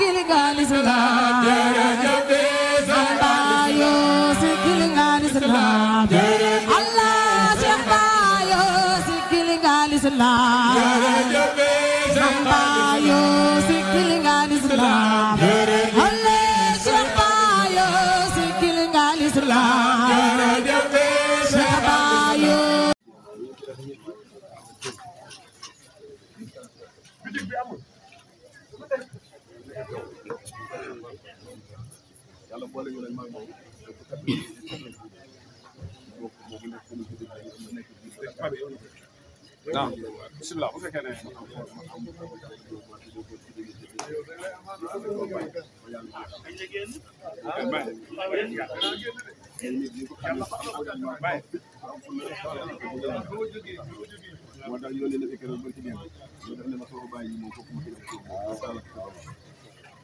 bitik bi amul yàlla boole ñu ne maa ngi moom waaw bisimilah bu fekkee ne moo tax yónnee na fi keroog ba ci dem def ne ma soo bàyyi moom foofu ma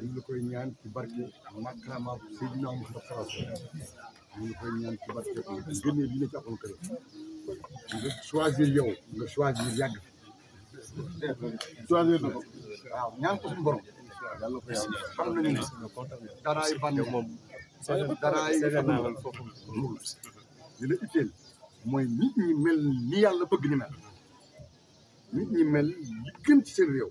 ñu ngi koy ñaan ci barke makrama Seydina Muhammad sallallahu alayhi wa sallam ñu ngi koy ñaan ci barke génne bi ne ci akoon kër nga choisir yow nga choisir yàgg choisir ñaan ko suñu borom yàlla ko yàlla xam nañu moom daraay li la mooy nit ñi mel ni yàlla bëgg ñu mel nit ñi mel li gën ci seen réew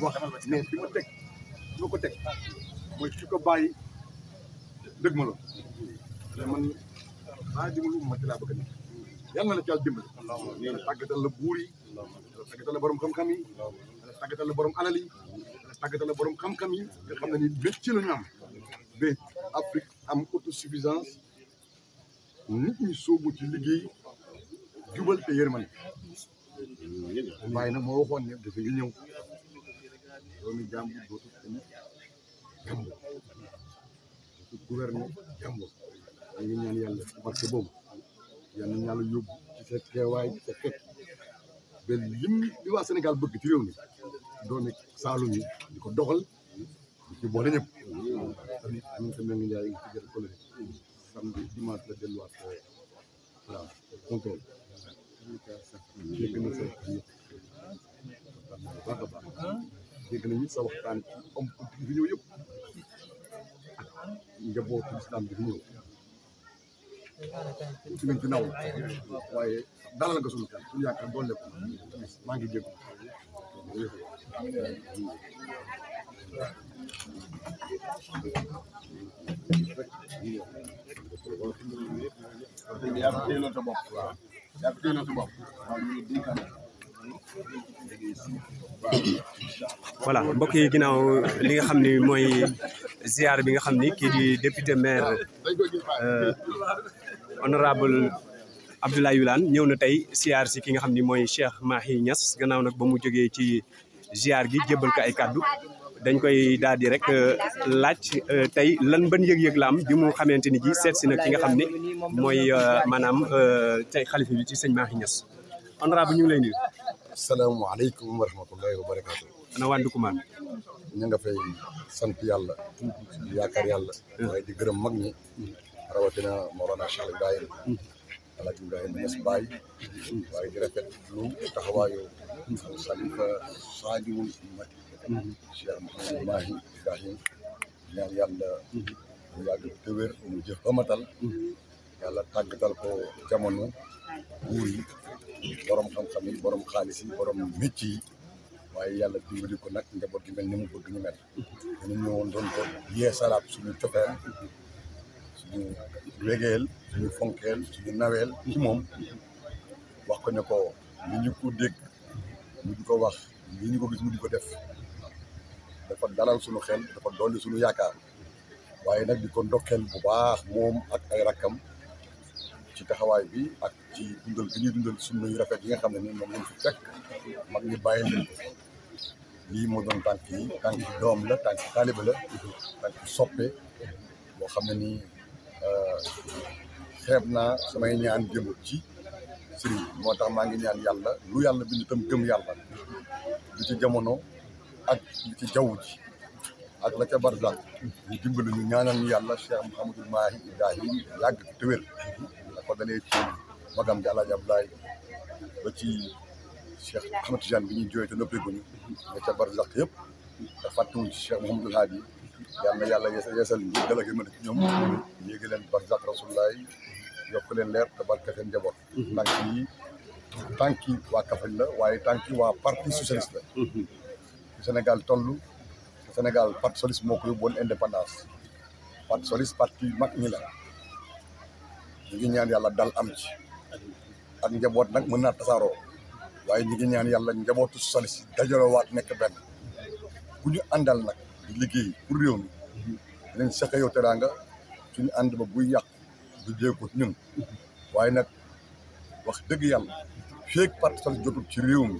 wax mais fi ma teg fi ko teg mooy ki ko bàyyi dëgg ma la man maa dimbalu ma ci laa bëgg a nekk yal na la ci yàlla dimbali nee na tàggatal la buur yi tàggatal la borom xam-xam yi tàggatal la borom alal yi tàggatal la borom xam-xam yi xam ne ni métti la ñu am ba Afrique am autosuffisance nit ñi sóobu ci liggéey jubal te yërmande mm, waaye nag moo waxoon ne dafay ñëw doomi jàmbur dootu am jàmbur dootu gouverner jàmbur ñaan yàlla barke boobu yal na yàlla yóbbu ci sa teewaay ci sa fekk ba lim li waa Sénégal bëgg ci réew mi doomi Saalum yi di ko doxal di ci boole ñëpp tamit dimanche la delluwaat waaw contrôle dégg a dégg nañu sa waxtaan ci homme politique bi naw waaye dalal nga suñu kan suñu maa ngi dégg yaa ngi teeloo sa bopp waaw voilà mbokk yi ginnaaw li nga xam ni mooy ziar bi nga xam ni kii di député maire euh, honorable Abdoulaye Wilane ñëw na tey ziar si ki nga xam ni mooy Cheikh Mahi ñas gannaaw nag ba mu jógee ci ziar gi jébbal ko ay kàddu dañ koy daal di rek euh, laaj euh, tey lan ban yëg-yëg la am bi mu xamante ni ji seet si nag ki nga xam ne mooy maanaam tey xalifa bi ci sëñ Mahi Niass honorable ñu lay nuyu asalaamaaleykum wa rahmatullahi wa barakaatu. ana waa Ndoukoumane. ñu nga fay sant yàlla. yaakaar yàlla. waaye di gërëm mag ñi. rawatina Mawlana Cheikh Ibrahim. Alaaji Ibrahima Niass Baye. waaye di rafet lu taxawaayu. Salifa Mahi Ibrahim. ñaan yàlla. mu yàgg te wér yàlla tàggatal ko jamono. buur borom xam-xam yi borom xaalis yi borom mécc yi waaye yàlla dimbali ko nag njaboot gi mel ni mu bëgg ñu mel dañu ñëwoon doon ko yee salaat suñu cofeel suñu wegeel suñu fonkeel suñu naweel ci moom wax ko ne ko li ñu ko dégg mu di ko wax li ñu ko gis mu di ko def dafa dalal suñu xel dafa dolli suñu yaakaar waaye nag di ko ndokkeel bu baax moom ak ay rakkam ci taxawaay bi ak ci dundal bi ñuy rafet yi nga xam ne nii moom lañ fi fekk mag ñi bàyyi leen lii moo doon tànk yi tànk doom la tànk yi taaliba la tànk yi xam ne nii euh, xeeb naa samay ñaan jëm ci sëriñ moo tax maa ngi ñaan yàlla lu yàlla bind tam gëm yàlla li ci jamono ak li ci jaww ji ak la ca barzak ñu dimbali ñu ñaanal yàlla Cheikh Mouhamadul Mahi Ibrahim yàgg te ko dalee ci magam ji Alaaji Ablaay ba ci Cheikh Ahmed Tidiane bi ñuy jooy te noppeeguñu nga ca barzak yëpp te fàttewuñ ci Cheikh Mouhamadul Haadi yal na yàlla yeesal yeesal ñu dalak yërmande ci ñoom yéegi leen barzak rasulullah yokk leen leer te barke seen njaboot tànk yi tànk yi waa Kaffrine la waaye tànk yi waa parti socialiste la Sénégal toll Sénégal parti socialiste moo ko yóbbu woon indépendance parti socialiste parti mag ñi la ñu ngi ñaan yàlla dal am ci njaboot nag mën naa tasaaroo waaye ñu ngi ñaan yàlla njabootu solis dajaloowaat nekk benn bu ñu àndal nag di liggéey pour réew mi dinañ seq yow teraanga suñu ànd ba buy yàq du ñun waaye nag wax dëgg yàlla feeg parti solis jotul ci réew mi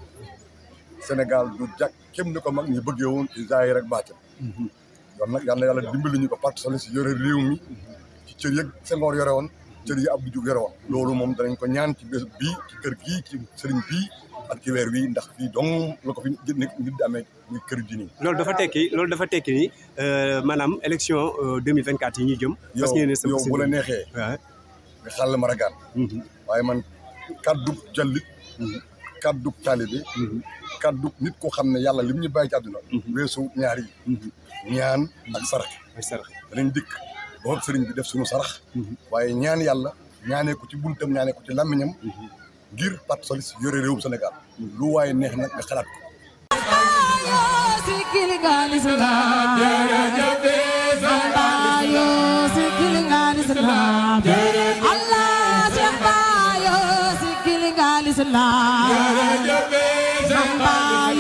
Sénégal du jàkk kem ni ko mag ñi bëggee woon ci zaahir ak baatin yoon mhm. nag yal na yàlla dimbali ñu ko parti si yore réew mi ci cër yëg Senghor yore woon cër yi Abdou Diouf yore loolu moom danañ ko ñaan ci bés bii ci kër gii sëriñ bii ak ci weer wi ndax fii dong la ko fi nekk nit di kër ji nii loolu dafa tekki loolu dafa tekki ni euh, maanaam élection 2024 euh, yi ñuy jëm parce que yow bu neexee nga xàll maragaan mm-hmm. waaye man kàddu mm-hmm. kàddu taalibe mm-hmm. kàddu nit koo xam ne yàlla lim ñu bàyyi ci àdduna weesu ñaar yi ñaan ak sarax ak sarax danañ dikk doon sëriñ bi def suñu sarax mhm. waaye ñaan yàlla ñaanee ko ci buntam ñaanee ci làmmiñam ngir Parti socialiste yore mhm. neex nag xalaat